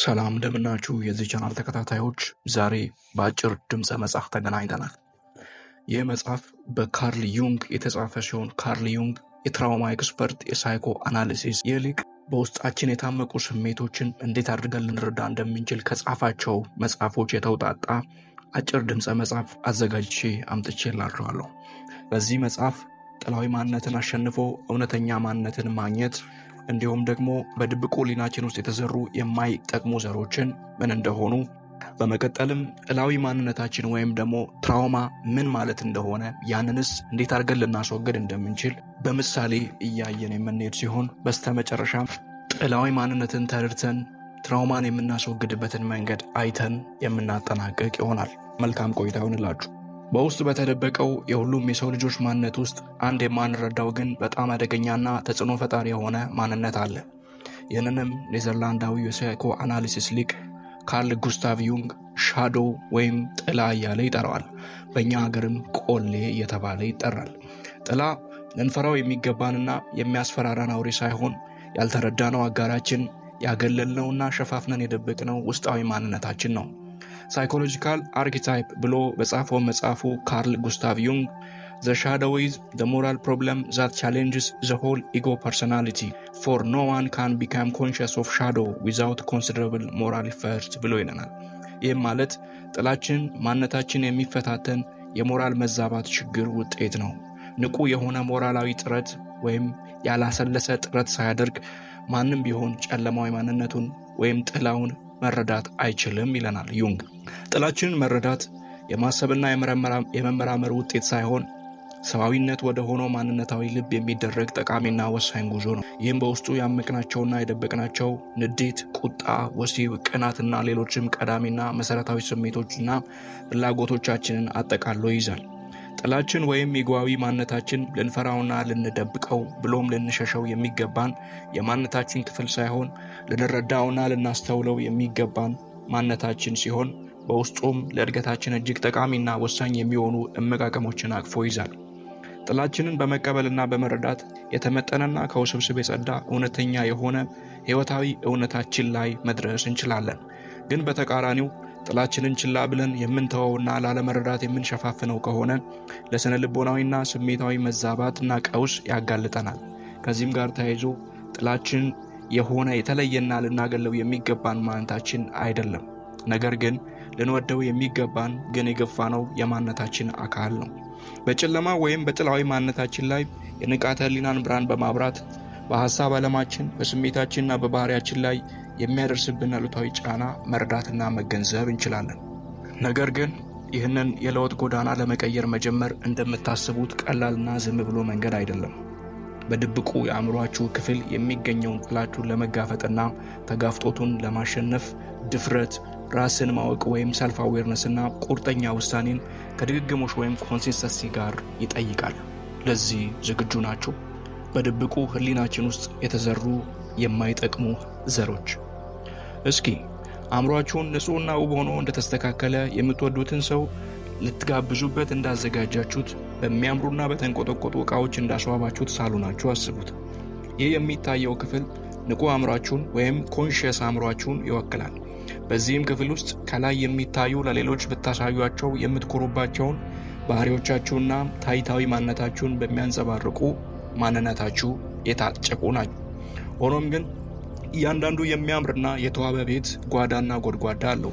ሰላም እንደምናችሁ የዚህ ቻናል ተከታታዮች፣ ዛሬ በአጭር ድምፀ መጽሐፍ ተገናኝተናል። ይህ መጽሐፍ በካርል ዩንግ የተጻፈ ሲሆን ካርል ዩንግ የትራውማ ኤክስፐርት፣ የሳይኮ አናሊሲስ የሊቅ በውስጣችን የታመቁ ስሜቶችን እንዴት አድርገን ልንረዳ እንደምንችል ከጻፋቸው መጽሐፎች የተውጣጣ አጭር ድምፀ መጽሐፍ አዘጋጅቼ አምጥቼላችኋለሁ። በዚህ መጽሐፍ ጥላዊ ማንነትን አሸንፎ እውነተኛ ማንነትን ማግኘት እንዲሁም ደግሞ በድብቁ ሊናችን ውስጥ የተዘሩ የማይጠቅሙ ዘሮችን ምን እንደሆኑ፣ በመቀጠልም ጥላዊ ማንነታችን ወይም ደግሞ ትራውማ ምን ማለት እንደሆነ፣ ያንንስ እንዴት አድርገን ልናስወግድ እንደምንችል በምሳሌ እያየን የምንሄድ ሲሆን በስተመጨረሻም ጥላዊ ማንነትን ተርድተን ትራውማን የምናስወግድበትን መንገድ አይተን የምናጠናቀቅ ይሆናል። መልካም ቆይታ ይሆንላችሁ። በውስጡ በተደበቀው የሁሉም የሰው ልጆች ማንነት ውስጥ አንድ የማንረዳው ግን በጣም አደገኛና ተጽዕኖ ፈጣሪ የሆነ ማንነት አለ። ይህንንም ኔዘርላንዳዊ የሳይኮ አናሊሲስ ሊቅ ካርል ጉስታቭ ዩንግ ሻዶው ወይም ጥላ እያለ ይጠራዋል። በእኛ ሀገርም ቆሌ እየተባለ ይጠራል። ጥላ ልንፈራው የሚገባንና የሚያስፈራራን አውሬ ሳይሆን ያልተረዳነው አጋራችን፣ ያገለልነውና ሸፋፍነን የደበቅነው ውስጣዊ ማንነታችን ነው። ሳይኮሎጂካል አርኪታይፕ ብሎ በጻፈው መጽሐፉ ካርል ጉስታቭ ዩንግ ዘ ሻዶው ዘ ሞራል ፕሮብለም ዛት ቻሌንጅስ ዘ ሆል ኢጎ ፐርሶናሊቲ ፎር ኖ ዋን ካን ቢካም ኮንሽስ ኦፍ ሻዶ ዊዛውት ኮንሲደራብል ሞራል ፈርት ብሎ ይለናል። ይህም ማለት ጥላችን ማንነታችን የሚፈታተን የሞራል መዛባት ችግር ውጤት ነው። ንቁ የሆነ ሞራላዊ ጥረት ወይም ያላሰለሰ ጥረት ሳያደርግ ማንም ቢሆን ጨለማዊ ማንነቱን ወይም ጥላውን መረዳት አይችልም ይለናል ዩንግ። ጥላችንን መረዳት የማሰብና የመመራመር ውጤት ሳይሆን ሰብአዊነት ወደ ሆነው ማንነታዊ ልብ የሚደረግ ጠቃሚና ወሳኝ ጉዞ ነው። ይህም በውስጡ ያመቅናቸውና የደበቅናቸው ንዴት፣ ቁጣ፣ ወሲብ፣ ቅናትና ሌሎችም ቀዳሚና መሰረታዊ ስሜቶችና ፍላጎቶቻችንን አጠቃሎ ይይዛል። ጥላችን ወይም ኢጓዊ ማንነታችን ልንፈራውና ልንደብቀው ብሎም ልንሸሸው የሚገባን የማንነታችን ክፍል ሳይሆን ልንረዳውና ልናስተውለው የሚገባን ማንነታችን ሲሆን በውስጡም ለእድገታችን እጅግ ጠቃሚና ወሳኝ የሚሆኑ እምቅ አቅሞችን አቅፎ ይዛል። ጥላችንን በመቀበልና በመረዳት የተመጠነና ከውስብስብ የጸዳ እውነተኛ የሆነ ሕይወታዊ እውነታችን ላይ መድረስ እንችላለን። ግን በተቃራኒው ጥላችንን ችላ ብለን የምንተወውና ላለመረዳት የምንሸፋፍነው ከሆነ ለሥነ ልቦናዊና ስሜታዊ መዛባትና ቀውስ ያጋልጠናል። ከዚህም ጋር ተያይዞ ጥላችን የሆነ የተለየና ልናገለው የሚገባን ማንነታችን አይደለም፣ ነገር ግን ልንወደው የሚገባን ግን የገፋነው የማንነታችን አካል ነው። በጨለማ ወይም በጥላዊ ማንነታችን ላይ የንቃተ ሕሊናን ብርሃን በማብራት በሀሳብ ዓለማችን በስሜታችንና በባህሪያችን ላይ የሚያደርስብን አሉታዊ ጫና መረዳትና መገንዘብ እንችላለን። ነገር ግን ይህንን የለውጥ ጎዳና ለመቀየር መጀመር እንደምታስቡት ቀላልና ዝም ብሎ መንገድ አይደለም። በድብቁ የአእምሯችሁ ክፍል የሚገኘውን ጥላችሁን ለመጋፈጥና ተጋፍጦቱን ለማሸነፍ ድፍረት፣ ራስን ማወቅ ወይም ሰልፍ ና ቁርጠኛ ውሳኔን ከድግግሞሽ ወይም ኮንሲስተንሲ ጋር ይጠይቃል። ለዚህ ዝግጁ ናቸው? በድብቁ ህሊናችን ውስጥ የተዘሩ የማይጠቅሙ ዘሮች። እስኪ አእምሯችሁን ንጹሕና ውብ ሆኖ እንደተስተካከለ የምትወዱትን ሰው ልትጋብዙበት እንዳዘጋጃችሁት በሚያምሩና በተንቆጠቆጡ ዕቃዎች እንዳስዋባችሁት ሳሉናችሁ አስቡት። ይህ የሚታየው ክፍል ንቁ አእምሯችሁን ወይም ኮንሽስ አእምሯችሁን ይወክላል። በዚህም ክፍል ውስጥ ከላይ የሚታዩ ለሌሎች ብታሳዩቸው የምትኮሩባቸውን ባህሪዎቻችሁና ታይታዊ ማንነታችሁን በሚያንጸባርቁ ማንነታችሁ የታጨቁ ናቸው። ሆኖም ግን እያንዳንዱ የሚያምርና የተዋበ ቤት ጓዳና ጎድጓዳ አለው።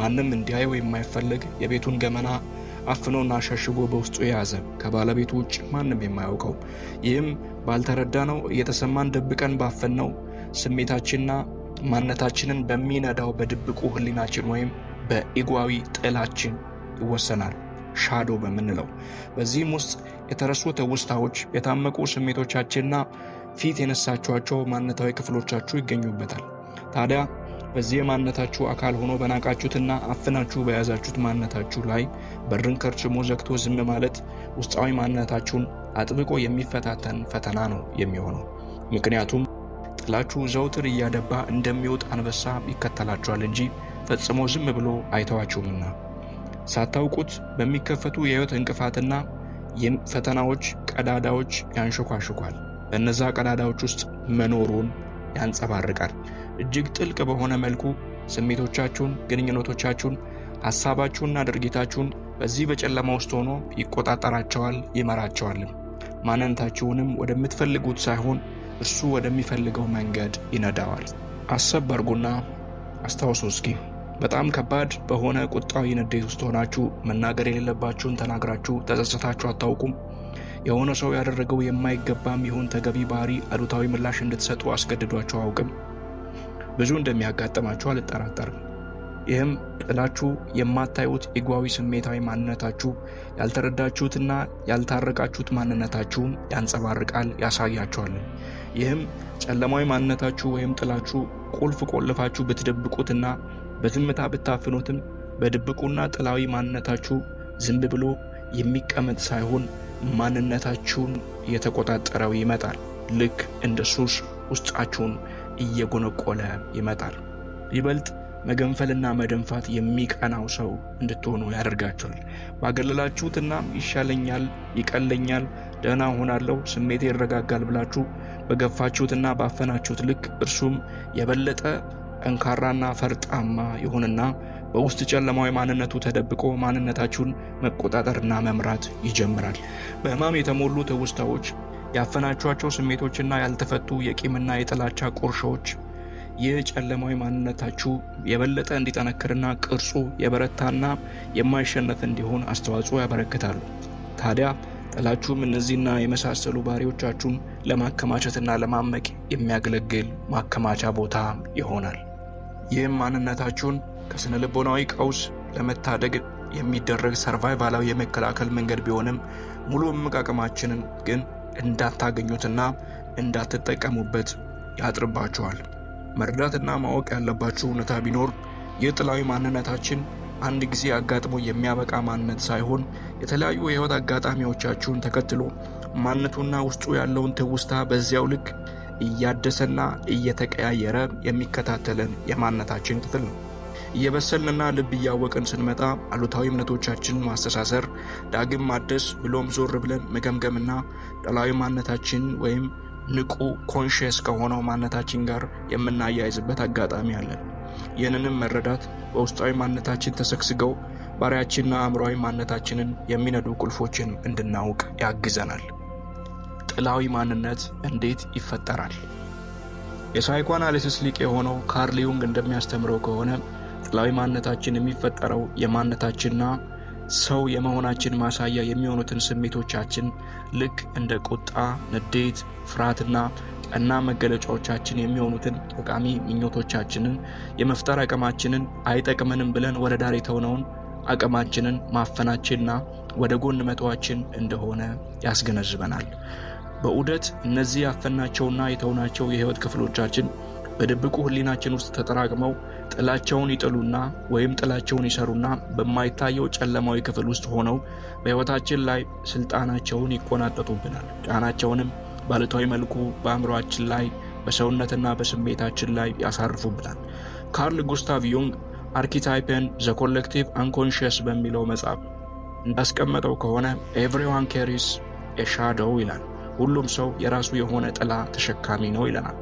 ማንም እንዲያየው የማይፈልግ የቤቱን ገመና አፍኖና ሸሽጎ በውስጡ የያዘ ከባለቤቱ ውጭ ማንም የማያውቀው ይህም ባልተረዳ ነው እየተሰማን ደብቀን ባፈን ስሜታችንና ማንነታችንን በሚነዳው በድብቁ ህሊናችን ወይም በኢጓዊ ጥላችን ይወሰናል። ሻዶ በምንለው በዚህም ውስጥ የተረሱ ትውስታዎች፣ የታመቁ ስሜቶቻችንና ፊት የነሳችኋቸው ማነታዊ ክፍሎቻችሁ ይገኙበታል። ታዲያ በዚህ የማነታችሁ አካል ሆኖ በናቃችሁትና አፍናችሁ በያዛችሁት ማነታችሁ ላይ በርን ከርችሞ ዘግቶ ዝም ማለት ውስጣዊ ማንነታችሁን አጥብቆ የሚፈታተን ፈተና ነው የሚሆነው ምክንያቱም ጥላችሁ ዘውትር እያደባ እንደሚወጥ አንበሳ ይከተላችኋል እንጂ ፈጽሞ ዝም ብሎ አይተዋችሁምና ሳታውቁት በሚከፈቱ የሕይወት እንቅፋትና ፈተናዎች ቀዳዳዎች ያንሸኳሽኳል። በእነዛ ቀዳዳዎች ውስጥ መኖሩን ያንጸባርቃል። እጅግ ጥልቅ በሆነ መልኩ ስሜቶቻችሁን፣ ግንኙነቶቻችሁን፣ ሐሳባችሁንና ድርጊታችሁን በዚህ በጨለማ ውስጥ ሆኖ ይቆጣጠራቸዋል፣ ይመራቸዋልም። ማንነታችሁንም ወደምትፈልጉት ሳይሆን እሱ ወደሚፈልገው መንገድ ይነዳዋል። አሰብ አድርጉና አስታውሱ እስኪ በጣም ከባድ በሆነ ቁጣዊ ንዴት ውስጥ ሆናችሁ መናገር የሌለባችሁን ተናግራችሁ ተጸጽታችሁ አታውቁም? የሆነ ሰው ያደረገው የማይገባም ይሁን ተገቢ ባህሪ አሉታዊ ምላሽ እንድትሰጡ አስገድዷቸው አውቅም? ብዙ እንደሚያጋጥማችሁ አልጠራጠርም። ይህም ጥላችሁ የማታዩት ኢጓዊ ስሜታዊ ማንነታችሁ ያልተረዳችሁትና ያልታረቃችሁት ማንነታችሁን ያንጸባርቃል ያሳያችኋል ይህም ጨለማዊ ማንነታችሁ ወይም ጥላችሁ ቁልፍ ቆልፋችሁ ብትደብቁትና በዝምታ ብታፍኑትም በድብቁና ጥላዊ ማንነታችሁ ዝም ብሎ የሚቀመጥ ሳይሆን ማንነታችሁን እየተቆጣጠረው ይመጣል። ልክ እንደ ሱስ ውስጣችሁን እየጎነቆለ ይመጣል። ይበልጥ መገንፈልና መደንፋት የሚቀናው ሰው እንድትሆኑ ያደርጋቸዋል። ባገለላችሁትና ይሻለኛል፣ ይቀለኛል፣ ደህና ሆናለሁ፣ ስሜት ይረጋጋል ብላችሁ በገፋችሁትና ባፈናችሁት ልክ እርሱም የበለጠ ጠንካራና ፈርጣማ ይሁንና በውስጥ ጨለማዊ ማንነቱ ተደብቆ ማንነታችሁን መቆጣጠርና መምራት ይጀምራል። በህማም የተሞሉ ትውስታዎች፣ ያፈናችኋቸው ስሜቶችና ያልተፈቱ የቂምና የጥላቻ ቁርሾዎች ይህ ጨለማዊ ማንነታችሁ የበለጠ እንዲጠነክርና ቅርጹ የበረታና የማይሸነፍ እንዲሆን አስተዋጽኦ ያበረክታሉ። ታዲያ ጥላችሁም እነዚህና የመሳሰሉ ባህሪዎቻችሁን ለማከማቸትና ለማመቅ የሚያገለግል ማከማቻ ቦታ ይሆናል። ይህም ማንነታችሁን ከስነ ልቦናዊ ቀውስ ለመታደግ የሚደረግ ሰርቫይቫላዊ የመከላከል መንገድ ቢሆንም ሙሉ እምቅ አቅማችንን ግን እንዳታገኙትና እንዳትጠቀሙበት ያጥርባችኋል። መረዳትና ማወቅ ያለባችሁ እውነታ ቢኖር ይህ ጥላዊ ማንነታችን አንድ ጊዜ አጋጥሞ የሚያበቃ ማንነት ሳይሆን የተለያዩ የህይወት አጋጣሚዎቻችሁን ተከትሎ ማንነቱና ውስጡ ያለውን ትውስታ በዚያው ልክ እያደሰና እየተቀያየረ የሚከታተለን የማንነታችን ክፍል ነው። እየበሰልንና ልብ እያወቅን ስንመጣ አሉታዊ እምነቶቻችንን ማስተሳሰር፣ ዳግም ማደስ ብሎም ዞር ብለን መገምገምና ጠላዊ ማንነታችንን ወይም ንቁ ኮንሽየስ ከሆነው ማንነታችን ጋር የምናያይዝበት አጋጣሚ አለን። ይህንንም መረዳት በውስጣዊ ማንነታችን ተሰግስገው ባሪያችንና አእምሯዊ ማንነታችንን የሚነዱ ቁልፎችን እንድናውቅ ያግዘናል። ጥላዊ ማንነት እንዴት ይፈጠራል? የሳይኮአናሊሲስ ሊቅ የሆነው ካርል ዩንግ እንደሚያስተምረው ከሆነ ጥላዊ ማንነታችን የሚፈጠረው የማንነታችንና ሰው የመሆናችን ማሳያ የሚሆኑትን ስሜቶቻችን ልክ እንደ ቁጣ፣ ንዴት፣ ፍርሃትና ቀና መገለጫዎቻችን የሚሆኑትን ጠቃሚ ምኞቶቻችንን የመፍጠር አቅማችንን አይጠቅመንም ብለን ወደ ዳር የተውነውን አቅማችንን ማፈናችንና ወደ ጎን መተዋችን እንደሆነ ያስገነዝበናል። በዑደት እነዚህ ያፈናቸውና የተውናቸው የህይወት ክፍሎቻችን በድብቁ ህሊናችን ውስጥ ተጠራቅመው ጥላቸውን ይጥሉና ወይም ጥላቸውን ይሰሩና በማይታየው ጨለማዊ ክፍል ውስጥ ሆነው በሕይወታችን ላይ ስልጣናቸውን ይቆናጠጡብናል። ጫናቸውንም ባልታዊ መልኩ በአእምሯችን ላይ በሰውነትና በስሜታችን ላይ ያሳርፉብናል። ካርል ጉስታቭ ዩንግ አርኪታይፕን ዘ ኮሌክቲቭ አንኮንሽስ በሚለው መጽሐፍ እንዳስቀመጠው ከሆነ ኤቭሪዋን ኬሪስ ኤ ይላል። ሁሉም ሰው የራሱ የሆነ ጥላ ተሸካሚ ነው ይለናል።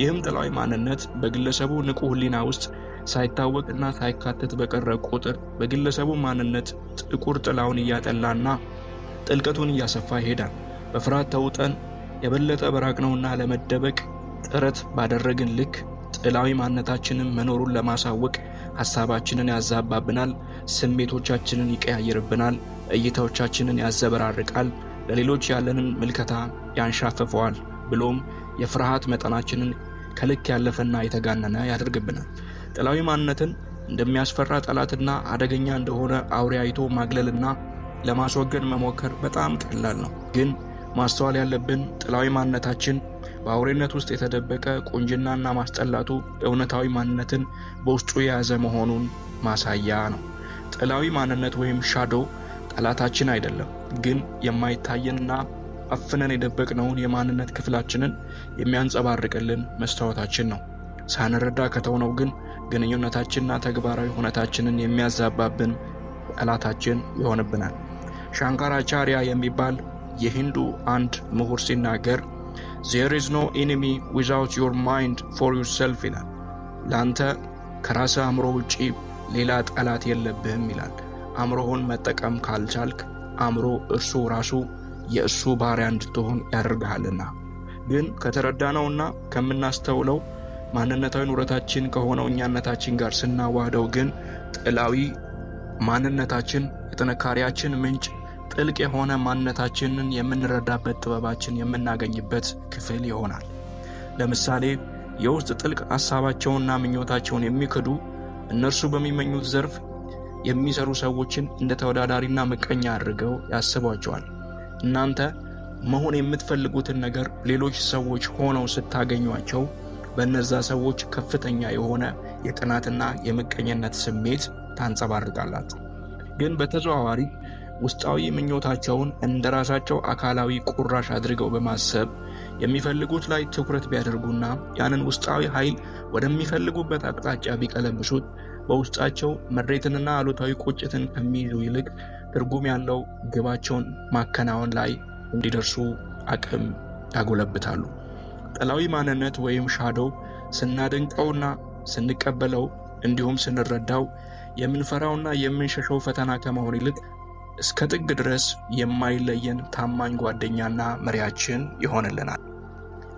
ይህም ጥላዊ ማንነት በግለሰቡ ንቁ ህሊና ውስጥ ሳይታወቅና ሳይካተት በቀረ ቁጥር በግለሰቡ ማንነት ጥቁር ጥላውን እያጠላና ጥልቀቱን እያሰፋ ይሄዳል። በፍርሃት ተውጠን የበለጠ በራቅ ነውና ለመደበቅ ጥረት ባደረግን ልክ ጥላዊ ማንነታችንን መኖሩን ለማሳወቅ ሐሳባችንን ያዛባብናል፣ ስሜቶቻችንን ይቀያይርብናል፣ እይታዎቻችንን ያዘበራርቃል፣ ለሌሎች ያለንን ምልከታ ያንሻፈፈዋል፣ ብሎም የፍርሃት መጠናችንን ከልክ ያለፈና የተጋነነ ያደርግብናል። ጥላዊ ማንነትን እንደሚያስፈራ ጠላትና አደገኛ እንደሆነ አውሬ አይቶ ማግለልና ለማስወገድ መሞከር በጣም ቀላል ነው። ግን ማስተዋል ያለብን ጥላዊ ማንነታችን በአውሬነት ውስጥ የተደበቀ ቁንጅናና ማስጠላቱ እውነታዊ ማንነትን በውስጡ የያዘ መሆኑን ማሳያ ነው። ጥላዊ ማንነት ወይም ሻዶ ጠላታችን አይደለም፣ ግን የማይታየንና አፍነን የደበቅነውን የማንነት ክፍላችንን የሚያንጸባርቅልን መስታወታችን ነው። ሳንረዳ ከተውነው ግን ግንኙነታችንና ተግባራዊ ሁነታችንን የሚያዛባብን ጠላታችን ይሆንብናል። ሻንካራቻሪያ የሚባል የሂንዱ አንድ ምሁር ሲናገር ዜር ኢዝ ኖ ኢኒሚ ዊዛውት ዮር ማይንድ ፎር ዩርሰልፍ ይላል። ለአንተ ከራስ አእምሮ ውጪ ሌላ ጠላት የለብህም ይላል። አእምሮህን መጠቀም ካልቻልክ አእምሮ እርሱ ራሱ የእሱ ባሪያ እንድትሆን ያደርግሃልና። ግን ከተረዳነውና ከምናስተውለው ማንነታዊ ኑረታችን ከሆነው እኛነታችን ጋር ስናዋህደው ግን ጥላዊ ማንነታችን የጥንካሬያችን ምንጭ ጥልቅ የሆነ ማንነታችንን የምንረዳበት ጥበባችን የምናገኝበት ክፍል ይሆናል። ለምሳሌ የውስጥ ጥልቅ ሐሳባቸውንና ምኞታቸውን የሚክዱ እነርሱ በሚመኙት ዘርፍ የሚሰሩ ሰዎችን እንደ ተወዳዳሪና ምቀኛ አድርገው ያስቧቸዋል። እናንተ መሆን የምትፈልጉትን ነገር ሌሎች ሰዎች ሆነው ስታገኟቸው በእነዛ ሰዎች ከፍተኛ የሆነ የቅናትና የምቀኝነት ስሜት ታንጸባርቃላችሁ። ግን በተዘዋዋሪ ውስጣዊ ምኞታቸውን እንደ ራሳቸው አካላዊ ቁራሽ አድርገው በማሰብ የሚፈልጉት ላይ ትኩረት ቢያደርጉና ያንን ውስጣዊ ኃይል ወደሚፈልጉበት አቅጣጫ ቢቀለብሱት በውስጣቸው ምሬትንና አሉታዊ ቁጭትን ከሚይዙ ይልቅ ትርጉም ያለው ግባቸውን ማከናወን ላይ እንዲደርሱ አቅም ያጎለብታሉ። ጥላዊ ማንነት ወይም ሻዶው ስናደንቀውና ስንቀበለው እንዲሁም ስንረዳው የምንፈራውና የምንሸሸው ፈተና ከመሆን ይልቅ እስከ ጥግ ድረስ የማይለየን ታማኝ ጓደኛና መሪያችን ይሆንልናል።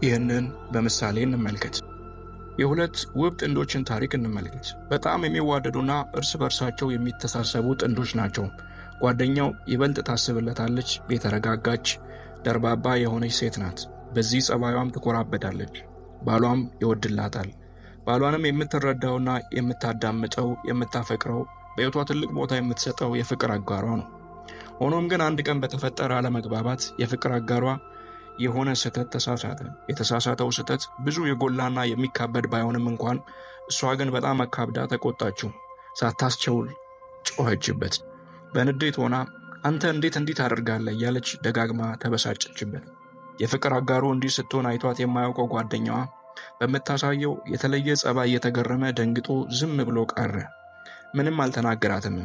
ይህንን በምሳሌ እንመልከት። የሁለት ውብ ጥንዶችን ታሪክ እንመልከት። በጣም የሚዋደዱና እርስ በርሳቸው የሚተሳሰቡ ጥንዶች ናቸው። ጓደኛው ይበልጥ ታስብለታለች። የተረጋጋች ደርባባ የሆነች ሴት ናት። በዚህ ጸባዩም ትኮራበዳለች። ባሏም ይወድላታል። ባሏንም የምትረዳውና የምታዳምጠው የምታፈቅረው በሕይወቷ ትልቅ ቦታ የምትሰጠው የፍቅር አጋሯ ነው። ሆኖም ግን አንድ ቀን በተፈጠረ አለመግባባት የፍቅር አጋሯ የሆነ ስህተት ተሳሳተ። የተሳሳተው ስህተት ብዙ የጎላና የሚካበድ ባይሆንም እንኳን እሷ ግን በጣም አካብዳ ተቆጣችው። ሳታስቸውል ጮኸችበት። በንዴት ሆና አንተ እንዴት እንዴት ታደርጋለህ እያለች ደጋግማ ተበሳጨችበት። የፍቅር አጋሩ እንዲህ ስትሆን አይቷት የማያውቀው ጓደኛዋ በምታሳየው የተለየ ጸባይ እየተገረመ ደንግጦ ዝም ብሎ ቀረ። ምንም አልተናገራትም።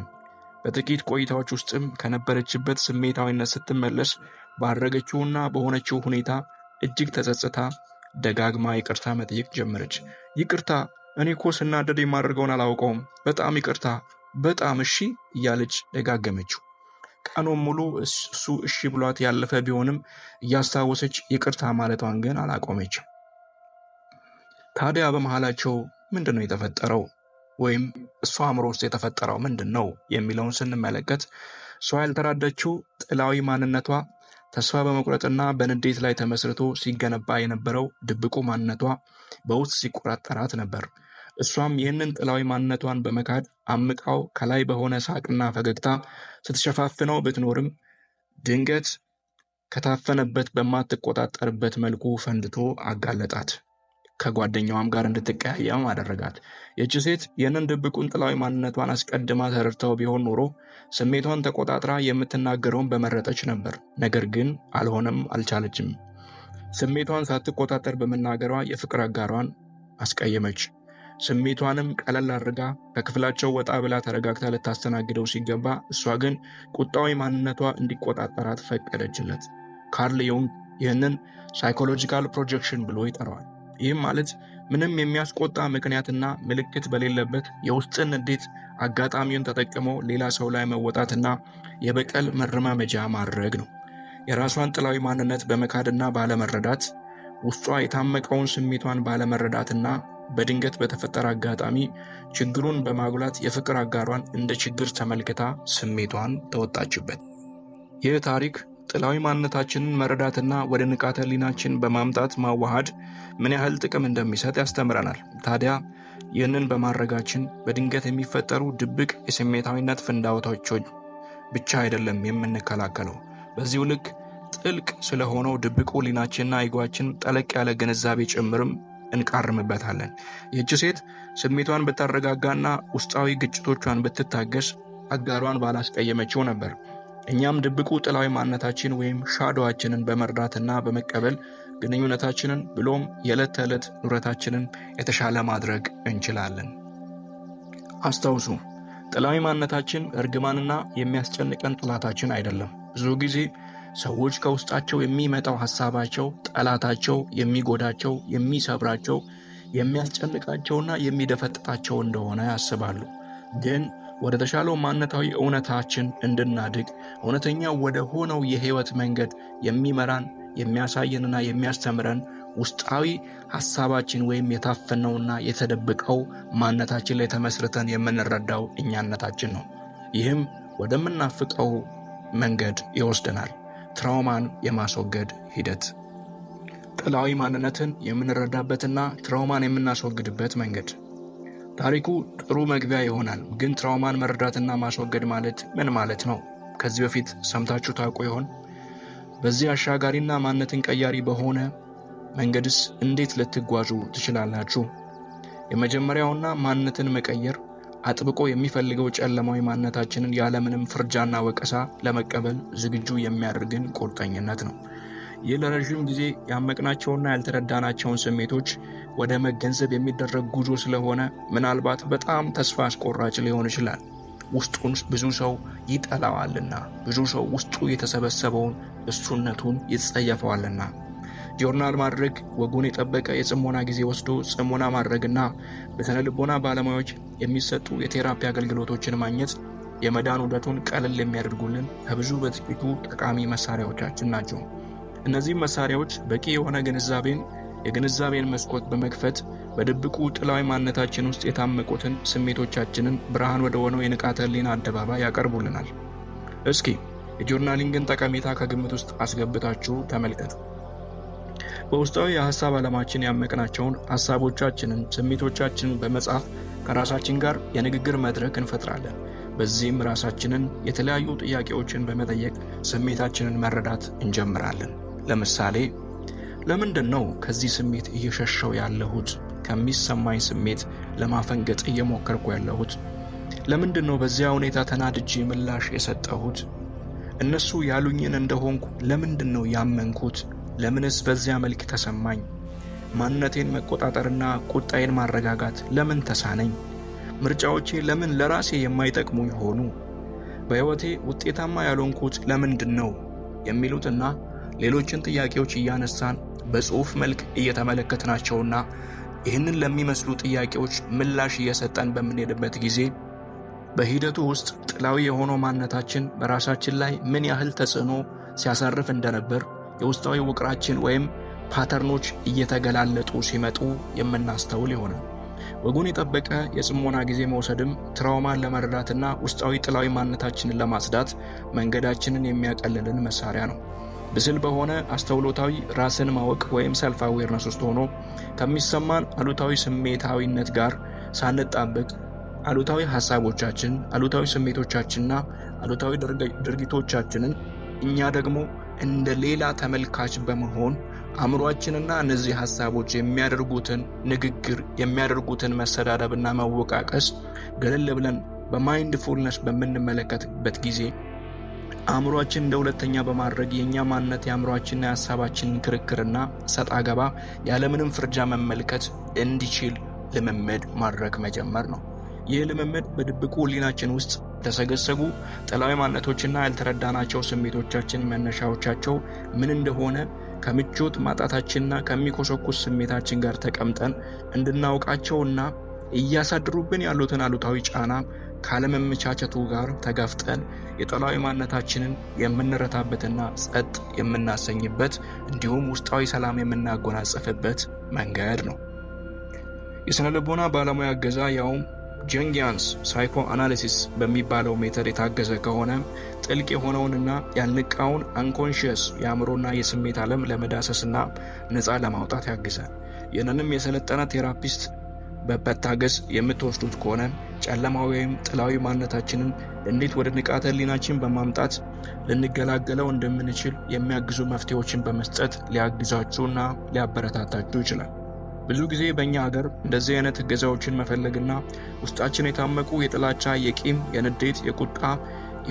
በጥቂት ቆይታዎች ውስጥም ከነበረችበት ስሜታዊነት ስትመለስ ባረገችውና በሆነችው ሁኔታ እጅግ ተጸጽታ ደጋግማ ይቅርታ መጠየቅ ጀመረች። ይቅርታ፣ እኔ እኮ ስናደድ የማደርገውን አላውቀውም፣ በጣም ይቅርታ በጣም እሺ እያለች ደጋገመችው። ቀኑን ሙሉ እሱ እሺ ብሏት ያለፈ ቢሆንም እያስታወሰች ይቅርታ ማለቷን ግን አላቆመችም። ታዲያ በመሃላቸው ምንድን ነው የተፈጠረው ወይም እሷ አእምሮ ውስጥ የተፈጠረው ምንድን ነው የሚለውን ስንመለከት እሷ ያልተረዳችው ጥላዊ ማንነቷ ተስፋ በመቁረጥና በንዴት ላይ ተመስርቶ ሲገነባ የነበረው ድብቁ ማንነቷ በውስጥ ሲቆራጠራት ነበር። እሷም ይህንን ጥላዊ ማንነቷን በመካድ አምቃው ከላይ በሆነ ሳቅና ፈገግታ ስትሸፋፍነው ብትኖርም ድንገት ከታፈነበት በማትቆጣጠርበት መልኩ ፈንድቶ አጋለጣት። ከጓደኛዋም ጋር እንድትቀያየም አደረጋት። ይህች ሴት ይህንን ድብቁን ጥላዊ ማንነቷን አስቀድማ ተረድተው ቢሆን ኖሮ ስሜቷን ተቆጣጥራ የምትናገረውን በመረጠች ነበር። ነገር ግን አልሆነም፣ አልቻለችም። ስሜቷን ሳትቆጣጠር በመናገሯ የፍቅር አጋሯን አስቀየመች። ስሜቷንም ቀለል አድርጋ ከክፍላቸው ወጣ ብላ ተረጋግታ ልታስተናግደው ሲገባ እሷ ግን ቁጣዊ ማንነቷ እንዲቆጣጠራት ፈቀደችለት። ካርል ዩንግ ይህንን ሳይኮሎጂካል ፕሮጀክሽን ብሎ ይጠራዋል። ይህም ማለት ምንም የሚያስቆጣ ምክንያትና ምልክት በሌለበት የውስጥን እንዴት አጋጣሚውን ተጠቅሞ ሌላ ሰው ላይ መወጣትና የበቀል መረማመጃ ማድረግ ነው። የራሷን ጥላዊ ማንነት በመካድና ባለመረዳት ውስጧ የታመቀውን ስሜቷን ባለመረዳትና በድንገት በተፈጠረ አጋጣሚ ችግሩን በማጉላት የፍቅር አጋሯን እንደ ችግር ተመልክታ ስሜቷን ተወጣችበት። ይህ ታሪክ ጥላዊ ማንነታችንን መረዳትና ወደ ንቃተ ህሊናችን በማምጣት ማዋሃድ ምን ያህል ጥቅም እንደሚሰጥ ያስተምረናል። ታዲያ ይህንን በማድረጋችን በድንገት የሚፈጠሩ ድብቅ የስሜታዊነት ፍንዳውቶች ብቻ አይደለም የምንከላከለው፣ በዚሁ ልክ ጥልቅ ስለሆነው ድብቁ ሊናችንና አይጓችን ጠለቅ ያለ ግንዛቤ ጭምርም እንቃርምበታለን። ይህች ሴት ስሜቷን ብታረጋጋና ውስጣዊ ግጭቶቿን ብትታገስ አጋሯን ባላስቀየመችው ነበር። እኛም ድብቁ ጥላዊ ማንነታችን ወይም ሻዶዋችንን በመርዳትና በመቀበል ግንኙነታችንን ብሎም የዕለት ተዕለት ኑረታችንን የተሻለ ማድረግ እንችላለን። አስታውሱ፣ ጥላዊ ማንነታችን እርግማንና የሚያስጨንቀን ጥላታችን አይደለም። ብዙ ጊዜ ሰዎች ከውስጣቸው የሚመጣው ሐሳባቸው ጠላታቸው የሚጎዳቸው፣ የሚሰብራቸው፣ የሚያስጨንቃቸውና የሚደፈጥጣቸው እንደሆነ ያስባሉ። ግን ወደ ተሻለው ማንነታዊ እውነታችን እንድናድግ እውነተኛ ወደ ሆነው የሕይወት መንገድ የሚመራን የሚያሳየንና የሚያስተምረን ውስጣዊ ሐሳባችን ወይም የታፈነውና የተደብቀው ማነታችን ላይ ተመስርተን የምንረዳው እኛነታችን ነው። ይህም ወደምናፍቀው መንገድ ይወስደናል። ትራውማን የማስወገድ ሂደት ጥላዊ ማንነትን የምንረዳበትና ትራውማን የምናስወግድበት መንገድ ታሪኩ ጥሩ መግቢያ ይሆናል። ግን ትራውማን መረዳትና ማስወገድ ማለት ምን ማለት ነው? ከዚህ በፊት ሰምታችሁ ታውቁ ይሆን? በዚህ አሻጋሪና ማንነትን ቀያሪ በሆነ መንገድስ እንዴት ልትጓዙ ትችላላችሁ? የመጀመሪያውና ማንነትን መቀየር አጥብቆ የሚፈልገው ጨለማዊ ማንነታችንን ያለምንም ፍርጃና ወቀሳ ለመቀበል ዝግጁ የሚያደርግን ቁርጠኝነት ነው። ይህ ለረዥም ጊዜ ያመቅናቸውና ያልተረዳናቸውን ስሜቶች ወደ መገንዘብ የሚደረግ ጉዞ ስለሆነ ምናልባት በጣም ተስፋ አስቆራጭ ሊሆን ይችላል። ውስጡን ብዙ ሰው ይጠላዋልና፣ ብዙ ሰው ውስጡ የተሰበሰበውን እሱነቱን ይጸየፈዋልና። ጆርናል ማድረግ፣ ወጉን የጠበቀ የጽሞና ጊዜ ወስዶ ጽሞና ማድረግና በስነ ልቦና ባለሙያዎች የሚሰጡ የቴራፒ አገልግሎቶችን ማግኘት የመዳን ውደቱን ቀለል የሚያደርጉልን ከብዙ በጥቂቱ ጠቃሚ መሳሪያዎቻችን ናቸው። እነዚህም መሳሪያዎች በቂ የሆነ ግንዛቤን የግንዛቤን መስኮት በመክፈት በድብቁ ጥላዊ ማንነታችን ውስጥ የታመቁትን ስሜቶቻችንን ብርሃን ወደ ሆነው የንቃተ ህሊና አደባባይ ያቀርቡልናል። እስኪ የጆርናሊንግን ጠቀሜታ ከግምት ውስጥ አስገብታችሁ ተመልከቱ። በውስጣዊ የሀሳብ ዓለማችን ያመቅናቸውን ሀሳቦቻችንን፣ ስሜቶቻችንን በመጻፍ ከራሳችን ጋር የንግግር መድረክ እንፈጥራለን። በዚህም ራሳችንን የተለያዩ ጥያቄዎችን በመጠየቅ ስሜታችንን መረዳት እንጀምራለን። ለምሳሌ ለምንድን ነው ከዚህ ስሜት እየሸሸው ያለሁት? ከሚሰማኝ ስሜት ለማፈንገጥ እየሞከርኩ ያለሁት? ለምንድን ነው በዚያ ሁኔታ ተናድጄ ምላሽ የሰጠሁት? እነሱ ያሉኝን እንደሆንኩ ለምንድን ነው ያመንኩት? ለምንስ በዚያ መልክ ተሰማኝ? ማንነቴን መቆጣጠርና ቁጣዬን ማረጋጋት ለምን ተሳነኝ? ምርጫዎቼ ለምን ለራሴ የማይጠቅሙ ይሆኑ? በሕይወቴ ውጤታማ ያልሆንኩት ለምንድን ነው? የሚሉትና ሌሎችን ጥያቄዎች እያነሳን በጽሑፍ መልክ እየተመለከትናቸውና ይህንን ለሚመስሉ ጥያቄዎች ምላሽ እየሰጠን በምንሄድበት ጊዜ በሂደቱ ውስጥ ጥላዊ የሆነው ማንነታችን በራሳችን ላይ ምን ያህል ተጽዕኖ ሲያሳርፍ እንደነበር የውስጣዊ ውቅራችን ወይም ፓተርኖች እየተገላለጡ ሲመጡ የምናስተውል ይሆናል። ወጉን የጠበቀ የጽሞና ጊዜ መውሰድም ትራውማን ለመረዳትና ውስጣዊ ጥላዊ ማንነታችንን ለማጽዳት መንገዳችንን የሚያቀልልን መሳሪያ ነው። ብስል በሆነ አስተውሎታዊ ራስን ማወቅ ወይም ሰልፍ አዌርነስ ውስጥ ሆኖ ከሚሰማን አሉታዊ ስሜታዊነት ጋር ሳንጣበቅ አሉታዊ ሀሳቦቻችን፣ አሉታዊ ስሜቶቻችንና አሉታዊ ድርጊቶቻችንን እኛ ደግሞ እንደ ሌላ ተመልካች በመሆን አእምሯችንና እነዚህ ሀሳቦች የሚያደርጉትን ንግግር የሚያደርጉትን መሰዳደብና መወቃቀስ ገለል ብለን በማይንድፉልነስ በምንመለከትበት ጊዜ አእምሯችን እንደ ሁለተኛ በማድረግ የእኛ ማንነት የአእምሯችንና የሀሳባችንን ክርክርና ሰጥ አገባ ያለምንም ፍርጃ መመልከት እንዲችል ልምምድ ማድረግ መጀመር ነው። ይህ ልምምድ በድብቁ ሊናችን ውስጥ ተሰገሰጉ። ጥላዊ ማነቶችና ያልተረዳናቸው ስሜቶቻችን መነሻዎቻቸው ምን እንደሆነ ከምቾት ማጣታችንና ከሚኮሰኩስ ስሜታችን ጋር ተቀምጠን እንድናውቃቸውና እያሳድሩብን ያሉትን አሉታዊ ጫና ካለመመቻቸቱ ጋር ተጋፍጠን የጠላዊ ማንነታችንን የምንረታበትና ጸጥ የምናሰኝበት እንዲሁም ውስጣዊ ሰላም የምናጎናጸፍበት መንገድ ነው። የሥነ ልቦና ባለሙያ እገዛ ያውም ጀንጊያንስ ሳይኮ አናሊሲስ በሚባለው ሜተድ የታገዘ ከሆነ ጥልቅ የሆነውንና ያልነቃውን አንኮንሽየስ የአእምሮና የስሜት ዓለም ለመዳሰስና ነፃ ለማውጣት ያግዛል። ይህንንም የሰለጠነ ቴራፒስት በበታገዝ የምትወስዱት ከሆነ ጨለማዊ ወይም ጥላዊ ማንነታችንን እንዴት ወደ ንቃተ ህሊናችን በማምጣት ልንገላገለው እንደምንችል የሚያግዙ መፍትሄዎችን በመስጠት ሊያግዛችሁና ሊያበረታታችሁ ይችላል። ብዙ ጊዜ በእኛ ሀገር እንደዚህ አይነት እገዛዎችን መፈለግና ውስጣችን የታመቁ የጥላቻ፣ የቂም፣ የንዴት፣ የቁጣ፣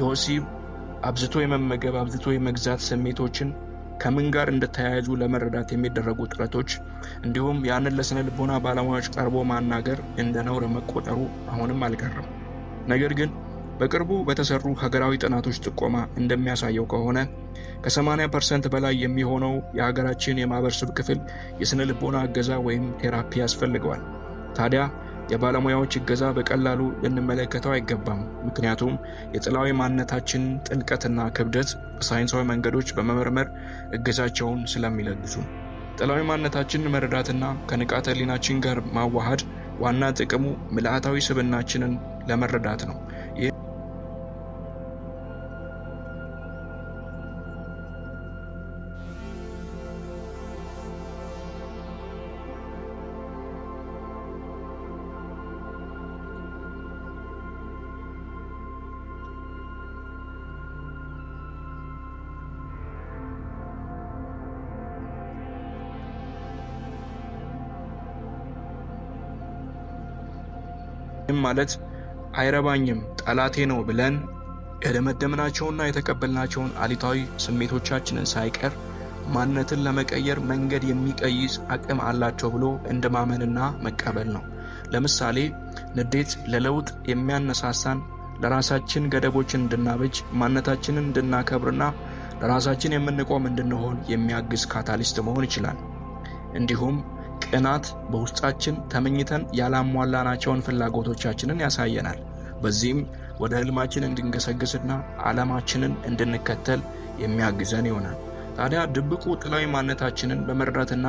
የወሲብ አብዝቶ የመመገብ አብዝቶ የመግዛት ስሜቶችን ከምን ጋር እንደተያያዙ ለመረዳት የሚደረጉ ጥረቶች እንዲሁም ያንን ለስነ ልቦና ባለሙያዎች ቀርቦ ማናገር እንደ ነውር መቆጠሩ አሁንም አልቀረም። ነገር ግን በቅርቡ በተሰሩ ሀገራዊ ጥናቶች ጥቆማ እንደሚያሳየው ከሆነ ከ80 ፐርሰንት በላይ የሚሆነው የሀገራችን የማህበረሰብ ክፍል የስነ ልቦና እገዛ ወይም ቴራፒ ያስፈልገዋል። ታዲያ የባለሙያዎች እገዛ በቀላሉ ልንመለከተው አይገባም። ምክንያቱም የጥላዊ ማንነታችን ጥልቀትና ክብደት በሳይንሳዊ መንገዶች በመመርመር እገዛቸውን ስለሚለግሱ ጥላዊ ማንነታችንን መረዳትና ከንቃተ ጋር ማዋሃድ ዋና ጥቅሙ ምልአታዊ ስብናችንን ለመረዳት ነው። ማለት አይረባኝም ጠላቴ ነው ብለን የደመደምናቸውና የተቀበልናቸውን አሊታዊ ስሜቶቻችንን ሳይቀር ማንነትን ለመቀየር መንገድ የሚቀይስ አቅም አላቸው ብሎ እንደ ማመንና መቀበል ነው። ለምሳሌ ንዴት ለለውጥ የሚያነሳሳን ለራሳችን ገደቦችን እንድናበጅ ማንነታችንን እንድናከብርና ለራሳችን የምንቆም እንድንሆን የሚያግዝ ካታሊስት መሆን ይችላል። እንዲሁም ቅናት በውስጣችን ተመኝተን ያላሟላናቸውን ፍላጎቶቻችንን ያሳየናል። በዚህም ወደ ህልማችን እንድንገሰግስና ዓላማችንን እንድንከተል የሚያግዘን ይሆናል። ታዲያ ድብቁ ጥላዊ ማንነታችንን በመረዳትና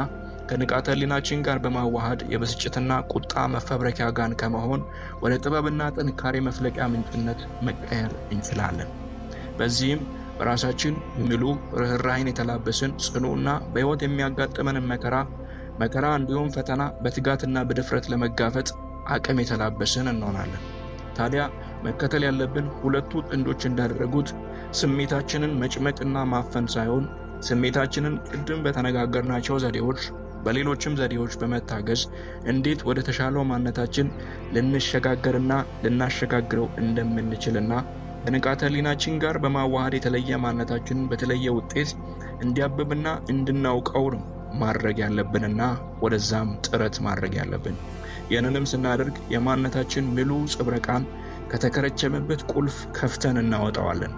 ከንቃተ ህሊናችን ጋር በማዋሃድ የብስጭትና ቁጣ መፈብረኪያ ጋን ከመሆን ወደ ጥበብና ጥንካሬ መፍለቂያ ምንጭነት መቀየር እንችላለን። በዚህም በራሳችን ምሉ ርኅራይን የተላበስን ጽኑና በሕይወት የሚያጋጥመንን መከራ መከራ እንዲሁም ፈተና በትጋትና በድፍረት ለመጋፈጥ አቅም የተላበስን እንሆናለን። ታዲያ መከተል ያለብን ሁለቱ ጥንዶች እንዳደረጉት ስሜታችንን መጭመቅና ማፈን ሳይሆን ስሜታችንን ቅድም በተነጋገርናቸው ዘዴዎች በሌሎችም ዘዴዎች በመታገዝ እንዴት ወደ ተሻለው ማንነታችን ልንሸጋገርና ልናሸጋግረው እንደምንችልና ከንቃተ ህሊናችን ጋር በማዋሃድ የተለየ ማንነታችንን በተለየ ውጤት እንዲያብብና እንድናውቀው ማድረግ ያለብንና ወደዛም ጥረት ማድረግ ያለብን። ይህንንም ስናደርግ የማንነታችን ምሉ ጽብረቃን ከተከረቸመበት ቁልፍ ከፍተን እናወጣዋለን።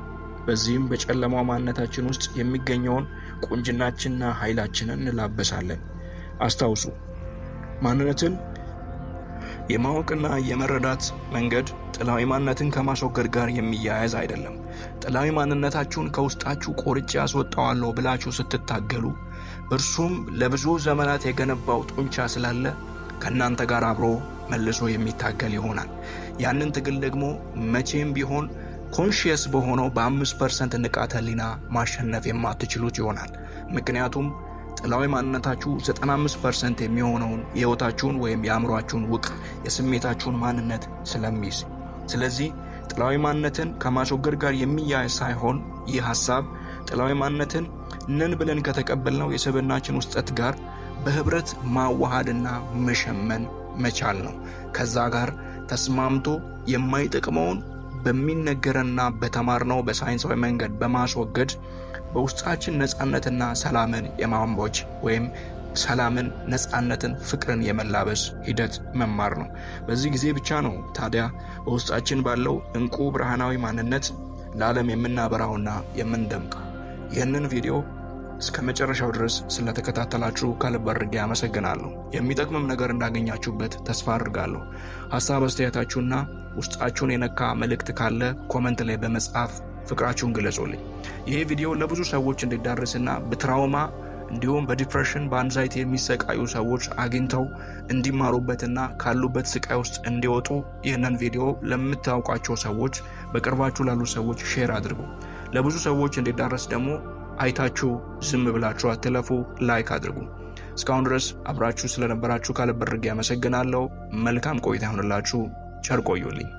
በዚህም በጨለማ ማንነታችን ውስጥ የሚገኘውን ቁንጅናችንና ኃይላችንን እንላበሳለን። አስታውሱ ማንነትን የማወቅና የመረዳት መንገድ ጥላዊ ማንነትን ከማስወገድ ጋር የሚያያዝ አይደለም። ጥላዊ ማንነታችሁን ከውስጣችሁ ቆርጬ አስወጣዋለሁ ብላችሁ ስትታገሉ እርሱም ለብዙ ዘመናት የገነባው ጡንቻ ስላለ ከእናንተ ጋር አብሮ መልሶ የሚታገል ይሆናል። ያንን ትግል ደግሞ መቼም ቢሆን ኮንሽየስ በሆነው በአምስት ፐርሰንት ንቃተ ህሊና ማሸነፍ የማትችሉት ይሆናል። ምክንያቱም ጥላዊ ማንነታችሁ 95 ፐርሰንት የሚሆነውን የህይወታችሁን ወይም የአእምሯችሁን ውቅ የስሜታችሁን ማንነት ስለሚይዝ፣ ስለዚህ ጥላዊ ማንነትን ከማስወገድ ጋር የሚያይ ሳይሆን ይህ ሀሳብ ጥላዊ ማንነትን ነን ብለን ከተቀበልነው የሰብናችን ውስጠት ጋር በህብረት ማዋሃድና መሸመን መቻል ነው። ከዛ ጋር ተስማምቶ የማይጠቅመውን በሚነገረና በተማርነው በሳይንሳዊ መንገድ በማስወገድ በውስጣችን ነፃነትና ሰላምን የማንቦች ወይም ሰላምን፣ ነፃነትን፣ ፍቅርን የመላበስ ሂደት መማር ነው። በዚህ ጊዜ ብቻ ነው ታዲያ በውስጣችን ባለው እንቁ ብርሃናዊ ማንነት ለዓለም የምናበራውና የምንደምቀው። ይህንን ቪዲዮ እስከ መጨረሻው ድረስ ስለተከታተላችሁ ከልብ አድርጌ አመሰግናለሁ። የሚጠቅምም ነገር እንዳገኛችሁበት ተስፋ አድርጋለሁ። ሀሳብ አስተያየታችሁና ውስጣችሁን የነካ መልእክት ካለ ኮመንት ላይ በመጻፍ ፍቅራችሁን ግለጹልኝ። ይሄ ቪዲዮ ለብዙ ሰዎች እንዲዳረስና በትራውማ እንዲሁም በዲፕሬሽን በአንዛይት የሚሰቃዩ ሰዎች አግኝተው እንዲማሩበትና ካሉበት ስቃይ ውስጥ እንዲወጡ ይህንን ቪዲዮ ለምታውቋቸው ሰዎች፣ በቅርባችሁ ላሉ ሰዎች ሼር አድርጉ። ለብዙ ሰዎች እንዲዳረስ ደግሞ አይታችሁ ዝም ብላችሁ አትለፉ። ላይክ አድርጉ። እስካሁን ድረስ አብራችሁ ስለነበራችሁ ካለበርግ አመሰግናለሁ። መልካም ቆይታ ይሆንላችሁ። ቸር ቆዩልኝ።